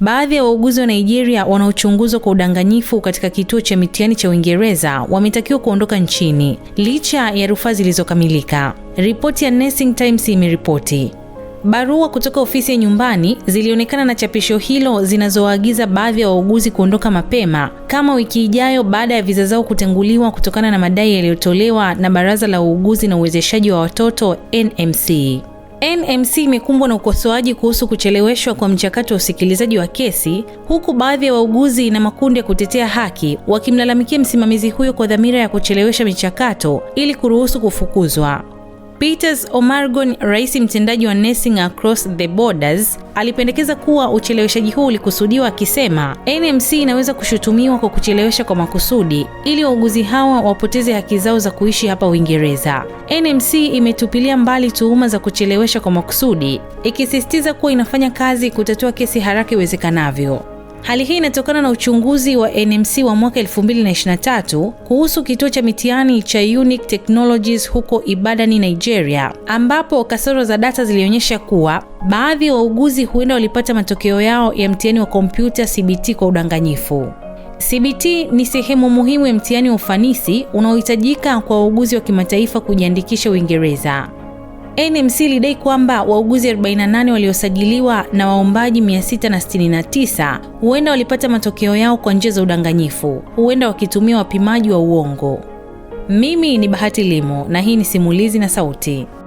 Baadhi ya wauguzi wa Nigeria wanaochunguzwa kwa udanganyifu katika kituo cha mitihani cha Uingereza wametakiwa kuondoka nchini licha ya rufaa zilizokamilika. Ripoti ya Nursing Times imeripoti. Barua kutoka ofisi ya nyumbani zilionekana na chapisho hilo zinazoagiza baadhi ya wauguzi kuondoka mapema kama wiki ijayo baada ya viza zao kutenguliwa kutokana na madai yaliyotolewa na Baraza la Uuguzi na Uwezeshaji wa Watoto NMC. NMC imekumbwa na ukosoaji kuhusu kucheleweshwa kwa mchakato wa usikilizaji wa kesi, huku baadhi ya wa wauguzi na makundi ya kutetea haki wakimlalamikia msimamizi huyo kwa dhamira ya kuchelewesha michakato ili kuruhusu kufukuzwa. Peters Omargon, rais mtendaji wa Nursing Across the Borders, alipendekeza kuwa ucheleweshaji huu ulikusudiwa, akisema NMC inaweza kushutumiwa kwa kuchelewesha kwa makusudi ili wauguzi hawa wapoteze haki zao za kuishi hapa Uingereza. NMC imetupilia mbali tuhuma za kuchelewesha kwa makusudi, ikisisitiza kuwa inafanya kazi kutatua kesi haraka iwezekanavyo. Hali hii inatokana na uchunguzi wa NMC wa mwaka 2023 kuhusu kituo cha mitihani cha Unique Technologies huko Ibadan, Nigeria, ambapo kasoro za data zilionyesha kuwa baadhi ya wa wauguzi huenda walipata matokeo yao ya mtihani wa kompyuta CBT kwa udanganyifu. CBT ni sehemu muhimu ya mtihani wa ufanisi unaohitajika kwa wauguzi wa kimataifa kujiandikisha Uingereza. NMC ilidai kwamba wauguzi 48 waliosajiliwa na waombaji 669 huenda walipata matokeo yao kwa njia za udanganyifu, huenda wakitumia wapimaji wa uongo. Mimi ni Bahati Limo na hii ni Simulizi na Sauti.